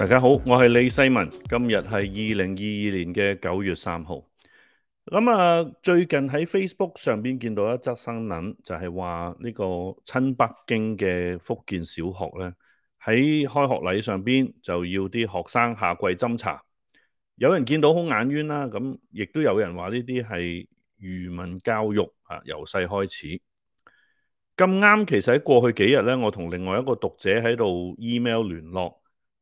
大家好，我係李世民，今日係二零二二年嘅九月三號。咁啊，最近喺 Facebook 上面見到一則新聞，就係話呢個親北京嘅福建小學呢，喺開學禮上邊就要啲學生下跪斟茶。有人見到好眼冤啦，啊，咁亦都有人話呢啲係愚民教育啊，由細開始咁啱。剛其實喺過去幾日呢，我同另外一個讀者喺度 email 聯絡。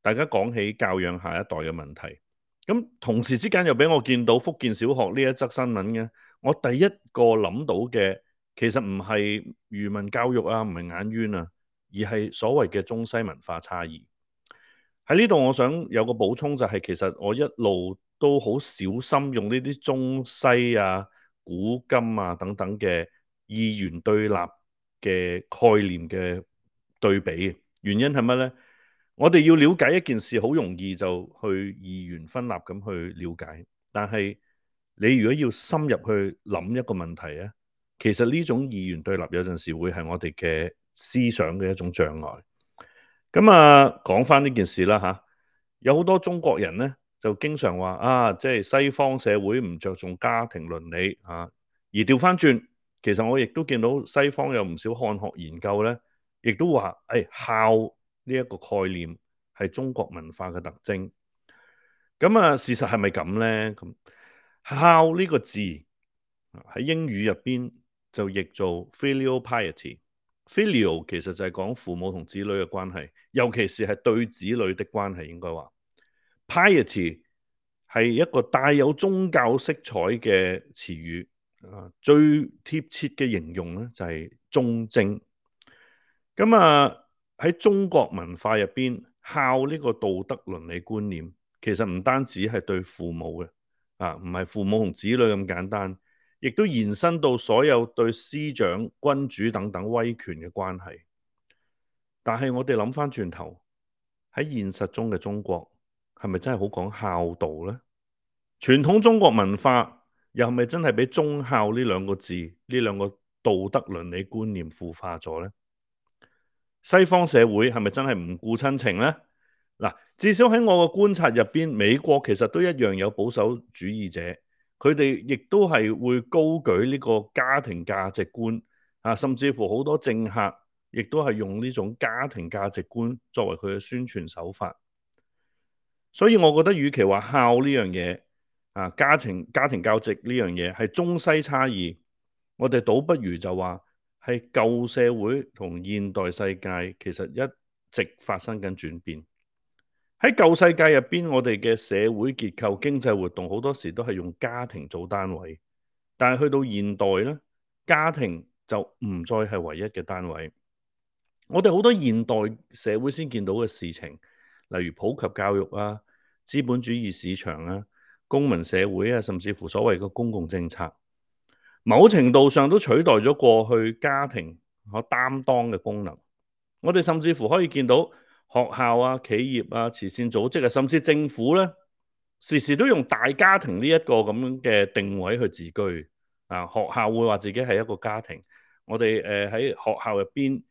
大家講起教養下一代嘅問題，咁同時之間又俾我見到福建小學呢一則新聞嘅，我第一個諗到嘅其實唔係愚民教育啊，唔係眼冤啊，而係所謂嘅中西文化差異。喺呢度我想有個補充就係、是，其實我一路都好小心用呢啲中西啊、古今啊等等嘅二元對立嘅概念嘅對比，原因係乜呢？我哋要了解一件事，好容易就去二元分立咁去了解，但係你如果要深入去諗一個問題咧，其實呢種二元對立有陣時會係我哋嘅思想嘅一種障礙。咁啊，講翻呢件事啦吓，有好多中國人咧就經常話啊，即係西方社會唔着重家庭倫理啊，而調翻轉，其實我亦都見到西方有唔少漢學研究咧，亦都話誒孝。哎呢一個概念係中國文化嘅特徵，咁啊，事實係咪咁呢？咁孝呢個字喺英語入邊就譯做 filial piety，filial 其實就係講父母同子女嘅關係，尤其是係對子女嘅關係，應該話 piety 係一個帶有宗教色彩嘅詞語，啊，最貼切嘅形容呢就係忠貞，咁啊。喺中國文化入邊，孝呢個道德倫理觀念，其實唔單止係對父母嘅，啊，唔係父母同子女咁簡單，亦都延伸到所有對師長、君主等等威權嘅關係。但係我哋諗返轉頭，喺現實中嘅中國，係咪真係好講孝道呢？傳統中國文化又係咪真係俾忠孝呢兩個字呢兩個道德倫理觀念腐化咗呢？西方社會係咪真係唔顧親情呢？至少喺我嘅觀察入邊，美國其實都一樣有保守主義者，佢哋亦都係會高舉呢個家庭價值觀啊，甚至乎好多政客亦都係用呢種家庭價值觀作為佢嘅宣傳手法。所以，我覺得與其話孝呢樣嘢啊，家庭家庭教育呢樣嘢係中西差異，我哋倒不如就話。係舊社會同現代世界其實一直發生緊轉變。喺舊世界入邊，我哋嘅社會結構、經濟活動好多時都係用家庭做單位，但係去到現代咧，家庭就唔再係唯一嘅單位。我哋好多現代社會先見到嘅事情，例如普及教育啊、資本主義市場啊、公民社會啊，甚至乎所謂嘅公共政策。某程度上都取代咗過去家庭可擔當嘅功能。我哋甚至乎可以見到學校啊、企業啊、慈善組織啊，甚至政府咧，時時都用大家庭呢一個咁樣嘅定位去自居。啊，學校會話自己係一個家庭。我哋誒喺學校入邊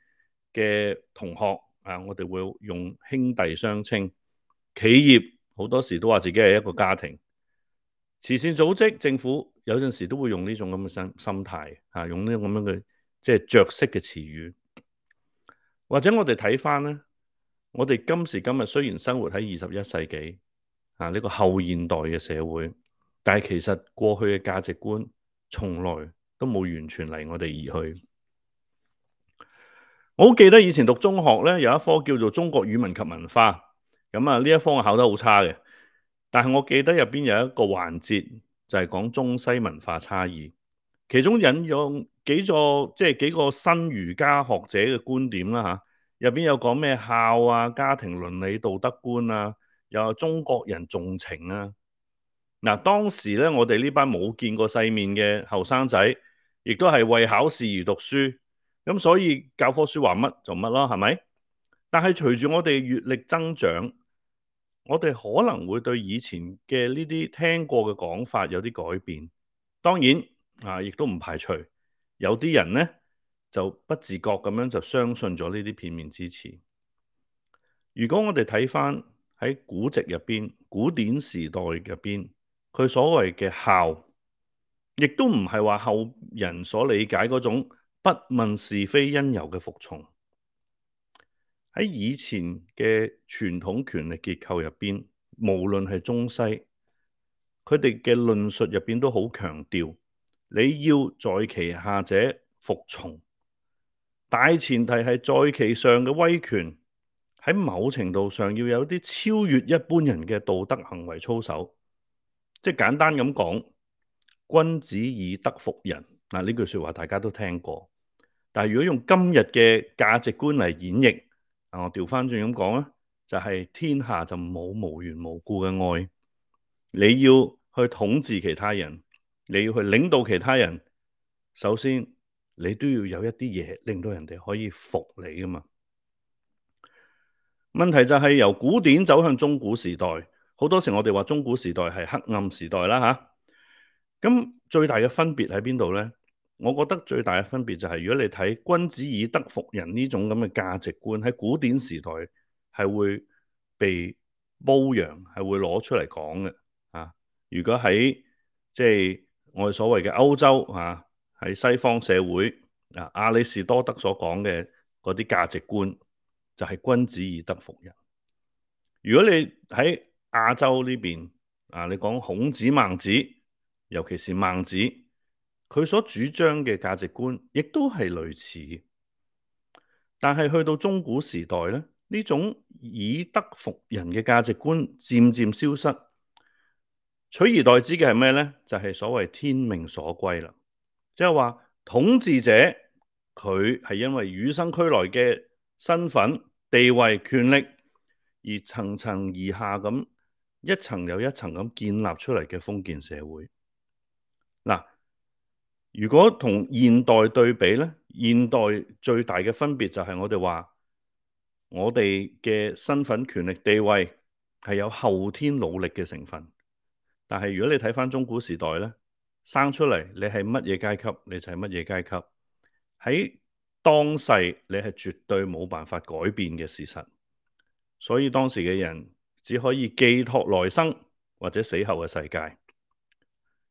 嘅同學啊，我哋會用兄弟相稱。企業好多時都話自己係一個家庭。慈善組織、政府有陣時都會用呢種咁嘅心心態，啊、用呢種咁嘅即係着色嘅詞語，或者我哋睇返咧，我哋今時今日雖然生活喺二十一世紀，啊呢、呢個後現代嘅社會，但係其實過去嘅價值觀從來都冇完全離我哋而去。我好記得以前讀中學咧，有一科叫做中國語文及文化，咁啊呢一科考得好差嘅。但係我記得入面有一個環節就係、是、講中西文化差異，其中引用幾座即係幾個新儒家學者嘅觀點啦吓，入、啊、面有講咩孝啊、家庭倫理道德觀啊，又有中國人重情啊。嗱、啊，當時呢我哋呢班冇見過世面嘅後生仔，亦都係為考試而讀書，咁所以教科書話乜就乜咯，係咪？但係隨住我哋閱歷增長。我哋可能會對以前嘅呢啲聽過嘅講法有啲改變，當然啊，亦都唔排除有啲人呢就不自覺咁樣就相信咗呢啲片面之詞。如果我哋睇返喺古籍入邊、古典時代入邊，佢所謂嘅孝，亦都唔係話後人所理解嗰種不問是非因由嘅服從。喺以前嘅傳統權力結構入邊，無論係中西，佢哋嘅論述入邊都好強調，你要在其下者服從，大前提係在其上嘅威權喺某程度上要有啲超越一般人嘅道德行為操守。即係簡單咁講，君子以德服人。嗱，啊，呢句説話大家都聽過，但係如果用今日嘅價值觀嚟演繹。嗱，我調翻轉咁講啦，就係、是、天下就冇無緣無故嘅愛。你要去統治其他人，你要去領導其他人，首先你都要有一啲嘢令到人哋可以服你㗎嘛。問題就係由古典走向中古時代，好多時我哋話中古時代係黑暗時代啦吓。咁、啊、最大嘅分別喺邊度呢？我覺得最大嘅分別就係，如果你睇君子以德服人呢種咁嘅價值觀，喺古典時代係會被褒揚，係會攞出嚟講嘅。啊，如果喺即係我哋所謂嘅歐洲啊，喺西方社會啊，亞里士多德所講嘅嗰啲價值觀就係君子以德服人。啊，如果你喺亞洲呢邊啊，你講孔子孟子，尤其是孟子。佢所主張嘅價值觀亦都係類似，但係去到中古時代咧，呢種以德服人嘅價值觀漸漸消失，取而代之嘅係咩呢？就係、是、所謂天命所歸啦，即係話統治者佢係因為與生俱來嘅身份、地位、權力而層層而下咁一層又一層咁建立出嚟嘅封建社會嗱。如果同現代對比呢，現代最大嘅分別就係我哋話我哋嘅身份、權力、地位係有後天努力嘅成分。但係如果你睇返中古時代呢，生出嚟你係乜嘢階級，你就係乜嘢階級。喺當世你係絕對冇辦法改變嘅事實，所以當時嘅人只可以寄託來生或者死後嘅世界。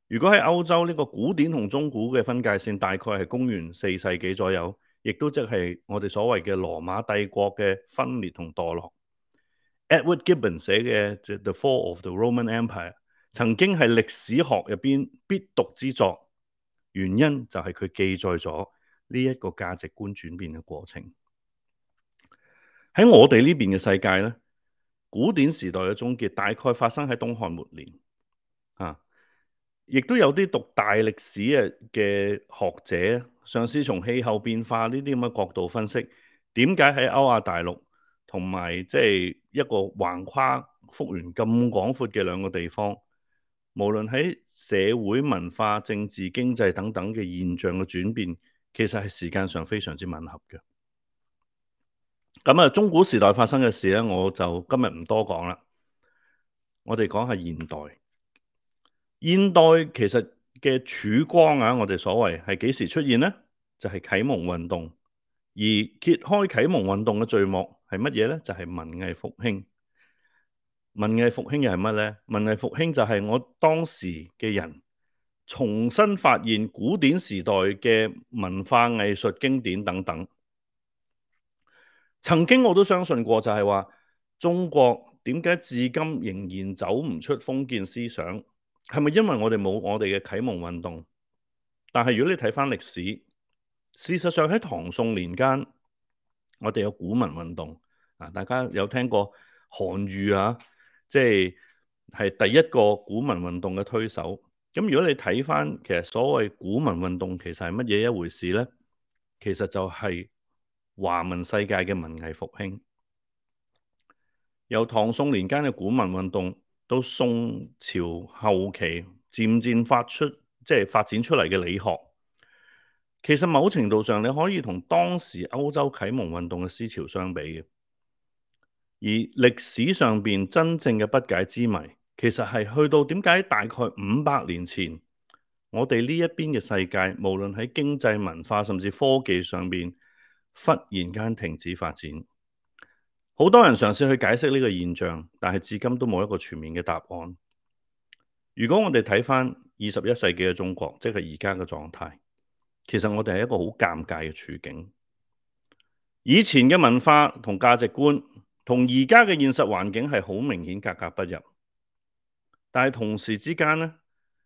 如果喺歐洲呢個古典同中古嘅分界線，大概係公元四世紀左右，亦都即係我哋所謂嘅羅馬帝國嘅分裂同墮落。Edward Gibbon 寫嘅《The Fall of the Roman Empire》曾經係歷史學入邊必讀之作，原因就係佢記載咗呢一個價值觀轉變嘅過程。喺我哋呢邊嘅世界咧，古典時代嘅終結大概發生喺東漢末年啊。亦都有啲讀大歷史嘅嘅學者，嘗試從氣候變化呢啲咁嘅角度分析，點解喺歐亞大陸同埋即係一個橫跨幅員咁廣闊嘅兩個地方，無論喺社會文化、政治經濟等等嘅現象嘅轉變，其實係時間上非常之吻合嘅。咁啊，中古時代發生嘅事咧，我就今日唔多講啦，我哋講下現代。現代其實嘅曙光啊，我哋所謂係幾時出現呢？就係、是、啟蒙運動，而揭開啟蒙運動嘅序幕係乜嘢呢？就係、是、文藝復興。文藝復興又係乜呢？文藝復興就係我當時嘅人重新發現古典時代嘅文化藝術經典等等。曾經我都相信過就是說，就係話中國點解至今仍然走唔出封建思想。係咪因為我哋冇我哋嘅啟蒙運動？但係如果你睇返歷史，事實上喺唐宋年間，我哋有古文運動啊！大家有聽過韓愈啊？即係係第一個古文運動嘅推手。咁如果你睇返其實所謂古文運動，其實係乜嘢一回事呢？其實就係華文世界嘅文藝復興，由唐宋年間嘅古文運動。到宋朝後期，漸漸發出，即係發展出嚟嘅理學，其實某程度上你可以同當時歐洲啟蒙運動嘅思潮相比嘅。而歷史上邊真正嘅不解之謎，其實係去到點解大概五百年前，我哋呢一邊嘅世界，無論喺經濟、文化甚至科技上邊，忽然間停止發展。好多人嘗試去解釋呢個現象，但係至今都冇一個全面嘅答案。如果我哋睇返二十一世紀嘅中國，即係而家嘅狀態，其實我哋係一個好尷尬嘅處境。以前嘅文化同價值觀同而家嘅現實環境係好明顯格格不入，但係同時之間呢，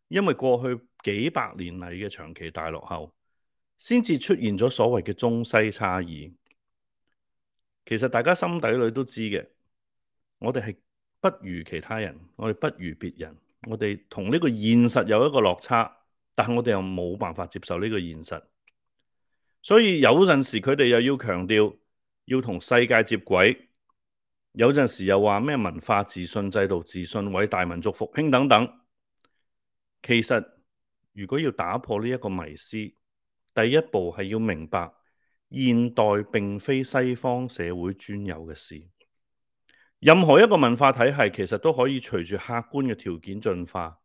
因為過去幾百年嚟嘅長期大落後，先至出現咗所謂嘅中西差異。其實大家心底裏都知嘅，我哋係不如其他人，我哋不如別人，我哋同呢個現實有一個落差，但我哋又冇辦法接受呢個現實。所以有陣時佢哋又要強調要同世界接軌，有陣時又話咩文化自信、制度自信、偉大民族復興等等。其實如果要打破呢一個迷思，第一步係要明白。現代並非西方社會專有嘅事，任何一個文化體系其實都可以隨住客觀嘅條件進化，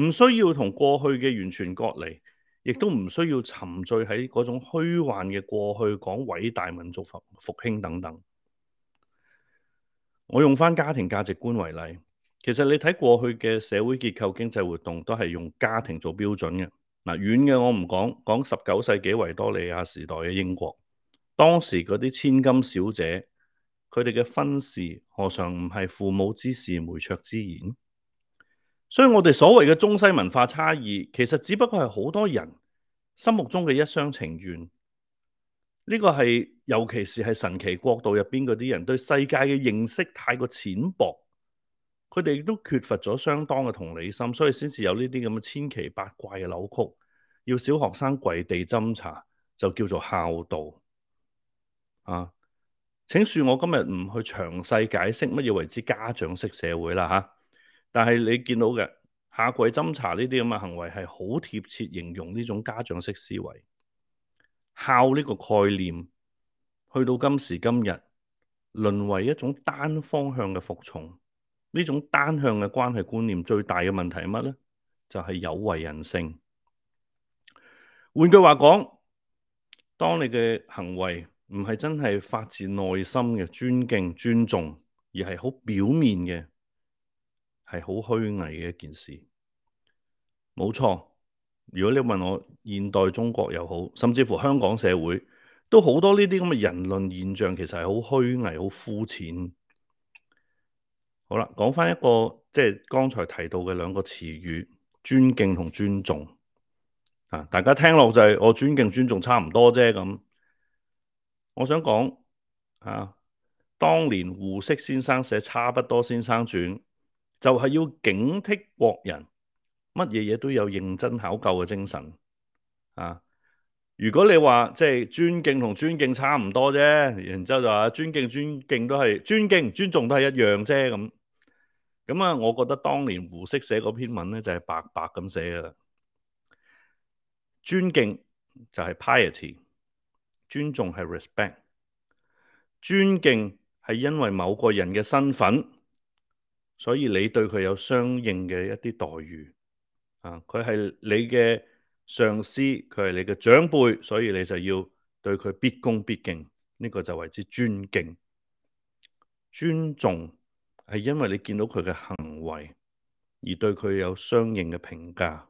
唔需要同過去嘅完全割離，亦都唔需要沉醉喺嗰種虛幻嘅過去講偉大民族復復興等等。我用返家庭價值觀為例，其實你睇過去嘅社會結構、經濟活動都係用家庭做標準嘅。嗱，遠嘅我唔講，講十九世紀維多利亞時代嘅英國，當時嗰啲千金小姐，佢哋嘅婚事，何嘗唔係父母之命、媒妁之言？所以我哋所謂嘅中西文化差異，其實只不過係好多人心目中嘅一廂情願。呢、呢個係，尤其是係神奇國度入邊嗰啲人對世界嘅認識太過淺薄。佢哋亦都缺乏咗相當嘅同理心，所以先至有呢啲咁嘅千奇百怪嘅扭曲。要小學生跪地斟茶，就叫做孝道啊！請恕我今日唔去詳細解釋乜嘢為之家長式社會啦嚇，啊。但係你見到嘅下跪斟茶呢啲咁嘅行為，係好貼切形容呢種家長式思維。孝呢個概念去到今時今日，淪為一種單方向嘅服從。呢種單向嘅關係觀念最大嘅問題係乜呢？就係有違人性。換句話講，當你嘅行為唔係真係發自內心嘅尊敬、尊重，而係好表面嘅，係好虛偽嘅一件事。冇錯。如果你問我現代中國又好，甚至乎香港社會都好多呢啲咁嘅人倫現象，其實係好虛偽、好膚淺。好啦，講翻一個即係剛才提到嘅兩個詞語，尊敬同尊重啊！大家聽落就係我尊敬、尊重差唔多啫咁。我想講啊，當年胡適先生寫《差不多先生傳》，就係、是、要警惕國人乜嘢嘢都有認真考究嘅精神、啊、如果你話即係尊敬同尊敬差唔多啫，然之後就話尊敬、尊敬都係尊敬、尊重都係一樣啫咁。咁啊、嗯，我覺得當年胡適寫嗰篇文咧，就係、是、白白咁寫噶啦。尊敬就係 piety，尊重係 respect。尊敬係因為某個人嘅身份，所以你對佢有相應嘅一啲待遇。啊，佢係你嘅上司，佢係你嘅長輩，所以你就要對佢畢恭畢敬，呢、這個就為之尊敬、尊重。係因為你見到佢嘅行為而對佢有相應嘅評價，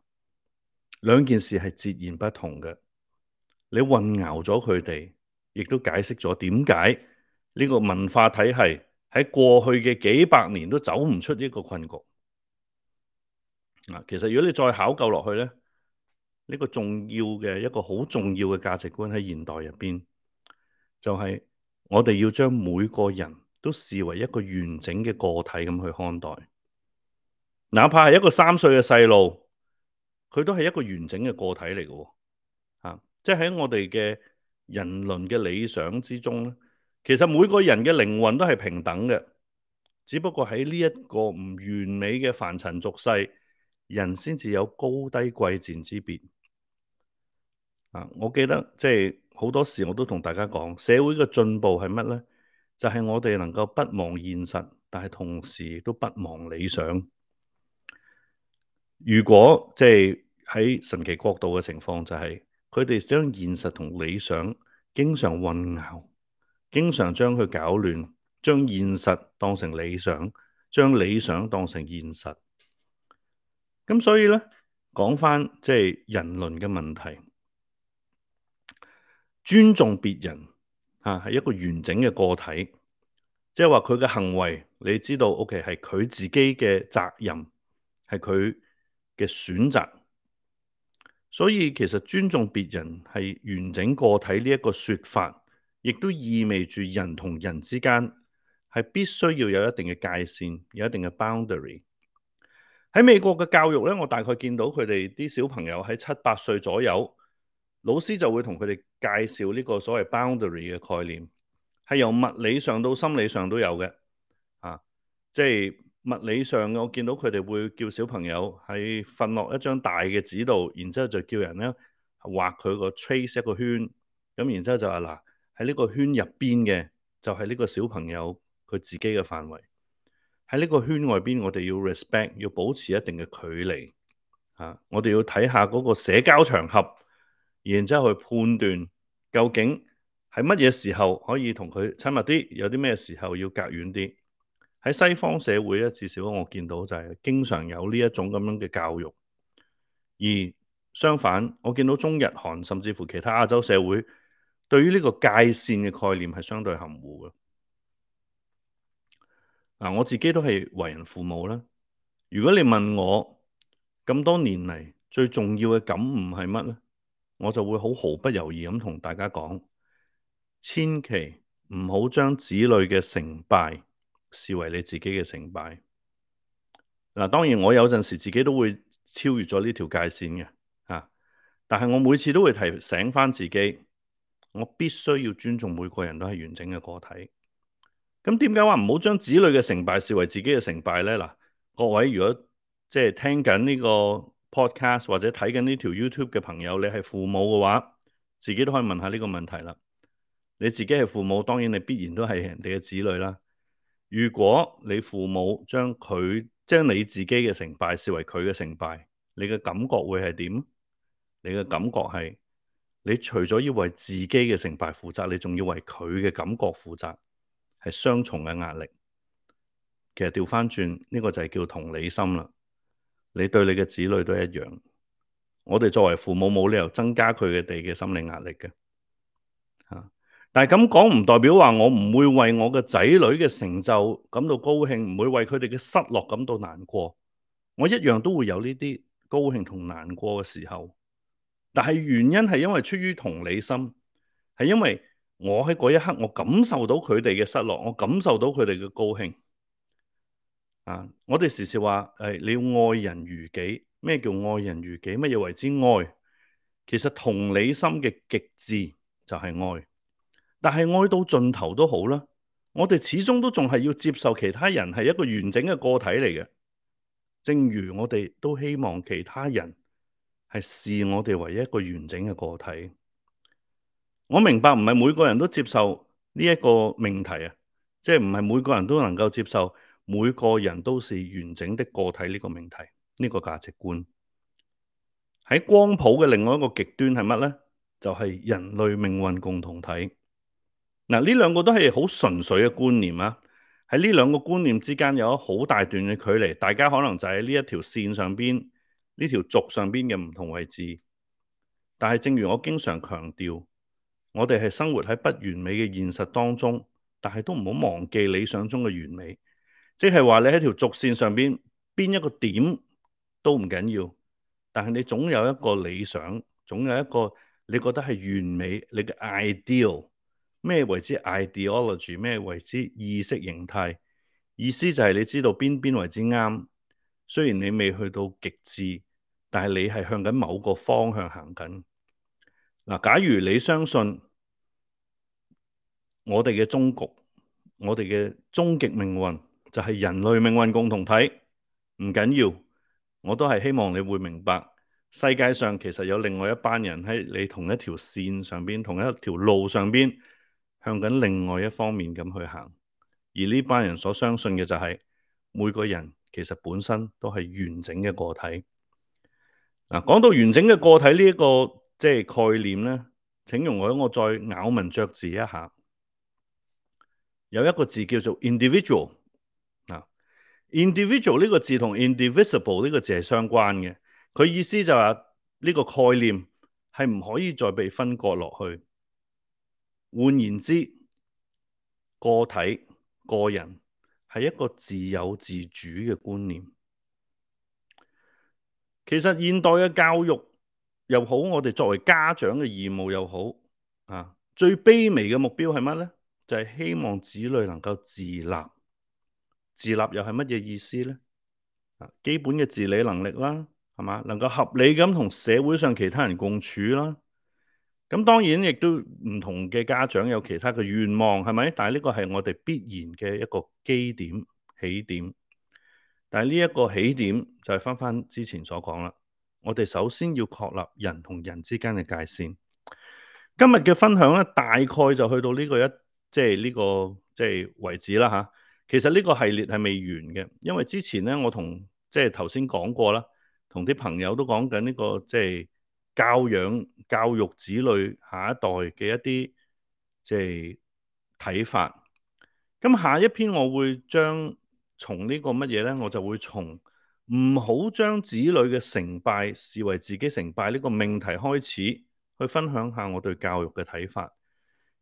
兩件事係截然不同嘅。你混淆咗佢哋，亦都解釋咗點解呢個文化體系喺過去嘅幾百年都走唔出呢個困局。其實如果你再考究落去呢，呢個重要嘅一個好重要嘅價值觀喺現代入邊，就係我哋要將每個人，都視為一個完整嘅個體咁去看待，哪怕係一個三歲嘅細路，佢都係一個完整嘅個體嚟嘅，啊，即係喺我哋嘅人倫嘅理想之中咧，其實每個人嘅靈魂都係平等嘅，只不過喺呢一個唔完美嘅凡塵俗世，人先至有高低貴賤之別。啊，我記得即係好多時我都同大家講，社會嘅進步係乜咧？就係我哋能夠不忘現實，但係同時都不忘理想。如果即係喺神奇國度嘅情況，就係佢哋將現實同理想經常混淆，經常將佢搞亂，將現實當成理想，將理想當成現實。咁所以呢，講返即係人倫嘅問題，尊重別人。啊，係一個完整嘅個體，即係話佢嘅行為，你知道，OK，係佢自己嘅責任，係佢嘅選擇。所以其實尊重別人係完整個體呢一個說法，亦都意味住人同人之間係必須要有一定嘅界線，有一定嘅 boundary。喺美國嘅教育呢，我大概見到佢哋啲小朋友喺七八歲左右。老師就會同佢哋介紹呢個所謂 boundary 嘅概念，係由物理上到心理上都有嘅啊。即係物理上嘅，我見到佢哋會叫小朋友喺瞓落一張大嘅紙度，然之後就叫人咧畫佢個 trace 一個圈，咁然之後就話，嗱，喺呢個圈入邊嘅就係呢個小朋友佢自己嘅範圍。喺呢個圈外邊，我哋要 respect，要保持一定嘅距離啊。我哋要睇下嗰個社交場合。然之後去判斷究竟係乜嘢時候可以同佢親密啲，有啲咩時候要隔遠啲。喺西方社會，至少我見到就係經常有呢一種咁樣嘅教育。而相反，我見到中日韓甚至乎其他亞洲社會，對於呢個界線嘅概念係相對含糊嘅。嗱，我自己都係為人父母啦。如果你問我，咁多年嚟最重要嘅感悟係乜咧？我就會好毫不猶豫咁同大家講，千祈唔好將子女嘅成敗視為你自己嘅成敗。嗱，當然我有陣時自己都會超越咗呢條界線嘅，吓、啊。但係我每次都會提醒翻自己，我必須要尊重每個人都係完整嘅個體。咁點解話唔好將子女嘅成敗視為自己嘅成敗咧？嗱、啊，各位如果即係聽緊呢個。Podcast 或者睇緊呢條 YouTube 嘅朋友，你係父母嘅話，自己都可以問下呢個問題啦。你自己係父母，當然你必然都係人哋嘅子女啦。如果你父母將佢將你自己嘅成敗視為佢嘅成敗，你嘅感覺會係點？你嘅感覺係，你除咗要為自己嘅成敗負責，你仲要為佢嘅感覺負責，係雙重嘅壓力。其實掉返轉呢個就係叫同理心啦。你對你嘅子女都一樣，我哋作為父母，冇理由增加佢哋嘅心理壓力嘅嚇。但係咁講，唔代表話我唔會為我嘅仔女嘅成就感到高興，唔會為佢哋嘅失落感到難過。我一樣都會有呢啲高興同難過嘅時候，但係原因係因為出於同理心，係因為我喺嗰一刻，我感受到佢哋嘅失落，我感受到佢哋嘅高興。啊！我哋時時話誒、哎，你要愛人如己。咩叫愛人如己？乜嘢為之愛？其實同理心嘅極致就係愛。但係愛到盡頭都好啦，我哋始終都仲係要接受其他人係一個完整嘅個體嚟嘅。正如我哋都希望其他人係視我哋為一個完整嘅個體。我明白唔係每個人都接受呢一個命題啊，即係唔係每個人都能夠接受。每個人都是完整的個體，呢個命題，呢個價值觀喺光譜嘅另外一個極端係乜呢？就係人類命運共同體。嗱，呢兩個都係好純粹嘅觀念啊！喺呢兩個觀念之間有好大段嘅距離，大家可能就喺呢一條線上邊，呢條軸上邊嘅唔同位置。但係正如我經常強調，我哋係生活喺不完美嘅現實當中，但係都唔好忘記理想中嘅完美。.即係話你喺條軸線上邊，邊一個點都唔緊要，但係你總有一個理想，總有一個你覺得係完美，你嘅 ideal 咩為之 ideology？咩為之意識形態？意思就係你知道邊邊為之啱。雖然你未去到極致，但係你係向緊某個方向行緊。嗱，假如你相信我哋嘅終局，我哋嘅終極命運。就係人類命運共同體，唔緊要，要，我都係希望你會明白，世界上其實有另外一班人喺你同一條線上邊，同一條路上邊，向緊另外一方面咁去行。而呢班人所相信嘅就係、是、每個人其實本身都係完整嘅個體。啊，講到完整嘅個體呢、這、一個、就是、概念咧，請容許我再咬文嚼字一下，有一個字叫做 individual。individual 呢個字同 indivisible 呢個字係相關嘅，佢意思就係呢個概念係唔可以再被分割落去。換言之，個體、個人係一個自由自主嘅觀念。其實現代嘅教育又好，我哋作為家長嘅義務又好，啊，最卑微嘅目標係乜呢？就係、是、希望子女能夠自立。自立又係乜嘢意思呢？基本嘅自理能力啦，係嘛，能夠合理咁同社會上其他人共處啦。咁當然亦都唔同嘅家長有其他嘅願望，係咪？但係呢個係我哋必然嘅一個基點、起點。但係呢一個起點就係翻翻之前所講啦。我哋首先要確立人同人之間嘅界線。今日嘅分享咧，大概就去到呢個一，即係呢個，即係為止啦，吓。其實呢個系列係未完嘅，因為之前呢，我同即係頭先講過啦，同啲朋友都講緊呢個即係教養、教育子女下一代嘅一啲即係睇法。咁下一篇我會將從呢個乜嘢呢？我就會從唔好將子女嘅成敗視為自己成敗呢個命題開始去分享下我對教育嘅睇法。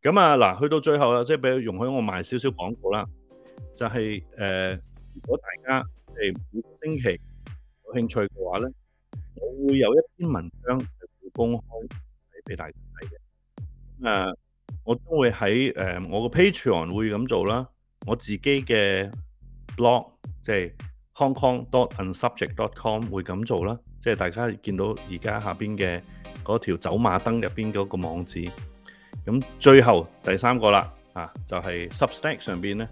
咁啊嗱，去到最後啦，即係俾佢容許我賣少少廣告啦。就係、是、誒、呃，如果大家誒每個星期有興趣嘅話呢，我會有一篇文章係會公開俾大家睇嘅。誒、呃，我都會喺誒、呃、我嘅 Patreon 會咁做啦，我自己嘅 blog 即係 Hong Kong dot Unsubject dot com 會咁做啦。即、就、係、是、大家見到而家下邊嘅嗰條走馬燈入邊嗰個網址。咁最後第三個啦，啊就係、是、Substack 上邊呢。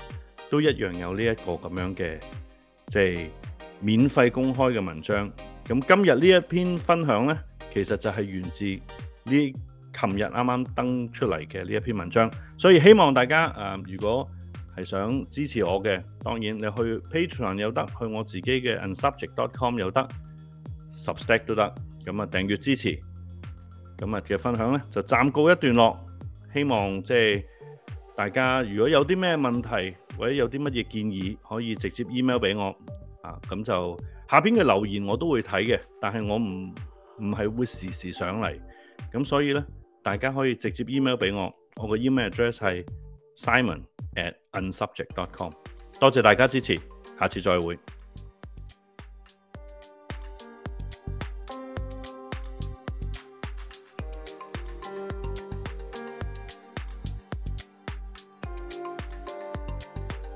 都一樣有呢一個咁樣嘅，即係免費公開嘅文章。咁今日呢一篇分享呢，其實就係源自呢琴日啱啱登出嚟嘅呢一篇文章。所以希望大家呃，如果係想支持我嘅，當然你去 Patreon 有得，去我自己嘅 unsubject.com 有得 subscribe 都得。咁啊訂閲支持。今日嘅分享呢，就暫告一段落。希望即係大家如果有啲咩問題，或者有啲乜嘢建議，可以直接 email 俾我，啊咁就下邊嘅留言我都會睇嘅，但係我唔唔係會時時上嚟，咁所以呢，大家可以直接 email 俾我，我個 email address 係 simon at unsubject.com，u c 多謝大家支持，下次再會。